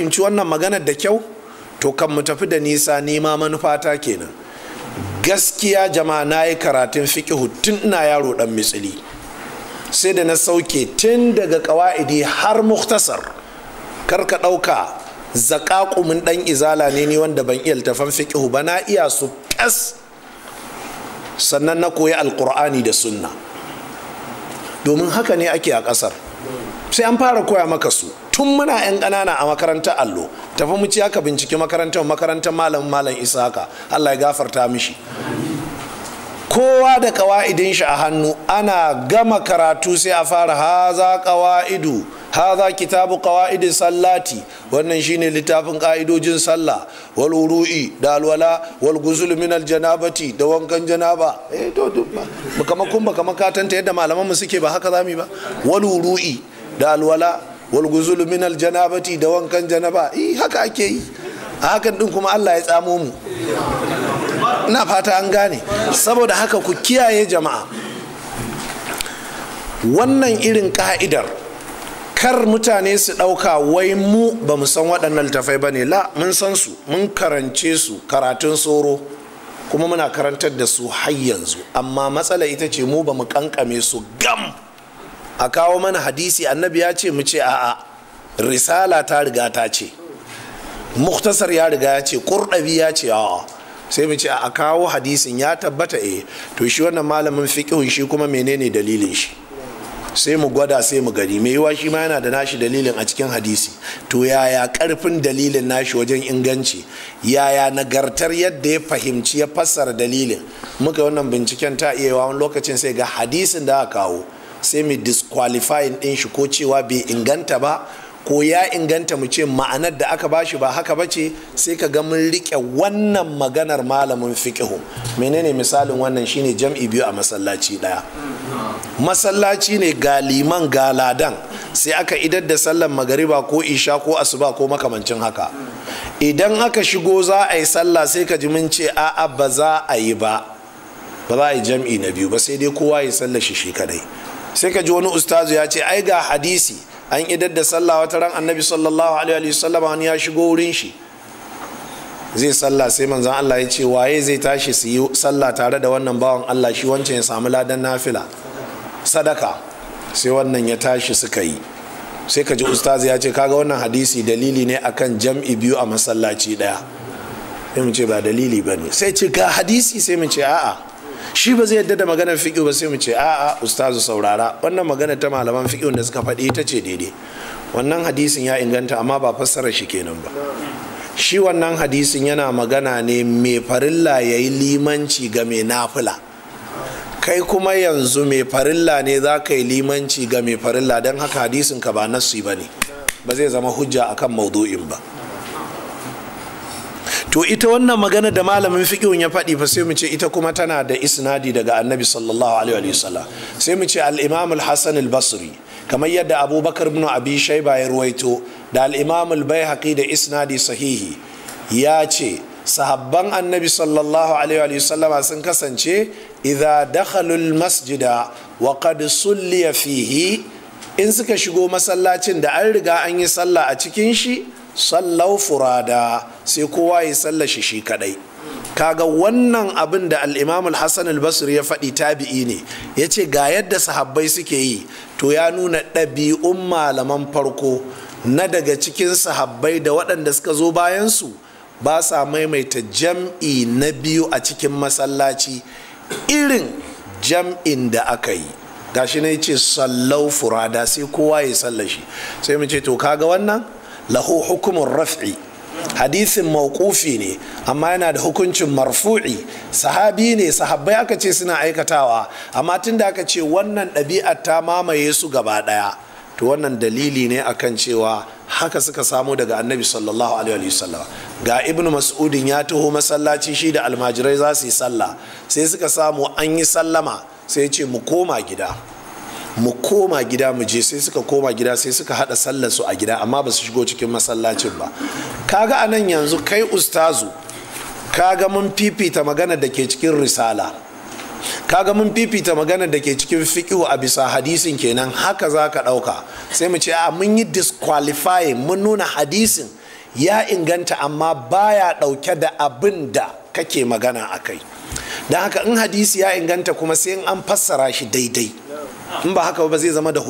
fahimci wannan maganar da kyau to kan mu tafi da nisa nima manufata kenan gaskiya jama'a na yi karatun fiƙihu tun ina yaro ɗan mitsili sai da na sauke tun daga ƙawa'idi har muktasar kar ka ɗauka zaƙaƙumin ɗan izala ne ni wanda ban iya littafan fiƙihu ba na iya su ƙas sannan na koyi alƙur'ani da sunna domin haka ne ake a ƙasar sai an fara koya maka su tun muna 'yan ƙanana a makarantar allo tafi mu ci aka binciki makarantar makarantar malam malam isaka allah ya gafarta mishi kowa da kawa'idin shi a hannu ana gama karatu sai a fara haza kawa'idu haza kitabu kawa'idin sallati wannan shine littafin ka'idojin sallah wal da alwala wal guzul min al janabati da wankan janaba eh to duk ba kama kun ba kama katanta yadda malaman mu suke ba haka zamu ba wal da alwala walguzulu guzulu min al da wankan janaba eh haka ake yi a hakan din kuma Allah ya tsamo mu ina fata an gane saboda haka ku kiyaye jama'a wannan irin ka'idar kar mutane su ɗauka wai mu ba mu san waɗannan tafai ba ne la mun san su mun karance su karatun tsoro kuma muna karantar da su har yanzu amma matsala ita ce mu ba mu kankame su gam a kawo mana hadisi annabi ya ce mu ce a'a risala ta riga ta ce muktasar ya riga ya ce kurɗabi ya ce a'a sai mu ce a kawo hadisin ya tabbata eh to shi wannan malamin fiqhun shi kuma menene dalilin shi sai mu gwada sai mu gani mai yiwa shi ma yana da nashi dalilin a cikin hadisi to yaya karfin dalilin nashi wajen inganci yaya nagartar yadda ya fahimci ya fassara dalilin muka wannan binciken ta iya yawa wani lokacin sai ga hadisin da aka kawo sai mu disqualifying ɗin shi ko cewa bai inganta ba ko ya inganta mu ce ma'anar da aka bashi ba haka ba ce sai ka ga mun riƙe wannan maganar malamin fiƙihu menene misalin wannan shine jam'i biyu a masallaci ɗaya masallaci ne ga liman ga ladan sai aka idar da sallar magariba ko isha ko asuba ko makamancin haka idan aka shigo za a yi sallah sai ka ji mun ce a'a ba za a yi ba ba za a yi jam'i na biyu ba sai dai kowa ya sallar shi shi kadai sai ka ji wani ustazu ya ce ai ga hadisi an idar da sallah wata ran annabi sallallahu alaihi wa sallam wani ya shigo wurin shi zai sallah sai manzan Allah ya ce waye zai tashi su yi sallah tare da wannan bawan Allah shi wancan ya samu ladan nafila sadaka sai wannan ya tashi suka yi sai ka ji ustazu ya ce kaga wannan hadisi dalili ne akan jam'i biyu a masallaci daya sai mu ce ba dalili ba ne sai ce ga hadisi sai mu ce a'a shi ba zai yadda da maganar fiƙi ba sai mu ce a'a ustazu saurara wannan maganar ta malaman fiƙi da suka faɗi ita ce daidai wannan hadisin ya inganta amma ba fassara shi kenan ba shi wannan hadisin yana magana ne mai farilla ya yi limanci ga mai nafila kai kuma yanzu mai farilla ne za ka yi limanci ga mai farilla don haka hadisin ka ba nasu ba ne ba zai zama hujja akan maudu'in ba to ita wannan magana da malamin fiqhun ya faɗi fa sai mu ce ita kuma tana da isnadi daga annabi sallallahu alaihi sallam. sai mu ce al-imam al-hasan al-basri kamar yadda abubakar ibn abi shayba ya ruwaito da al-imam al-baihaqi da isnadi sahihi ya ce sahabban annabi sallallahu alaihi sallam sun kasance idza dakhalul masjida wa qad sulliya fihi in suka shigo masallacin da an riga an yi sallah a cikin shi sallau furada sai kowa ya sallah shi shi kadai kaga wannan abin da al-imam al ya faɗi tabi'i ne ya ce ga yadda sahabbai suke yi to ya nuna ɗabi'un malaman farko na daga cikin sahabbai da waɗanda suka zo bayansu ba sa maimaita jam'i na biyu a cikin masallaci irin jam'in da aka yi gashi ne ce sallau furada sai kowa ya salla shi sai mu ce to kaga wannan lahu hukumun raf'i hadisin mawqufi ne amma yana da hukuncin marfu'i sahabi ne sahabbai aka ce suna aikatawa amma tun da aka ce wannan ɗabi'ar ta mamaye su gaba ɗaya to wannan dalili ne akan cewa haka suka samu daga annabi sallallahu alaihi wasallam ga ibn mas'udin ya taho masallaci shi da almajirai za su yi sallah sai suka samu an yi sallama sai ce mu koma gida mu koma gida mu je sai suka koma gida sai suka hada sallar su a gida amma ba su shigo cikin masallacin ba kaga nan yanzu kai ustazu kaga mun fifita magana da ke cikin risala kaga mun fifita magana da ke cikin fiqhu a bisa hadisin kenan haka za ka dauka sai mu ce a mun yi disqualifying mun nuna hadisin ya inganta amma baya dauke da abin da kake magana akai kai da haka in hadisi ya inganta kuma sai in an fassara shi daidai in ba haka ba zai zama da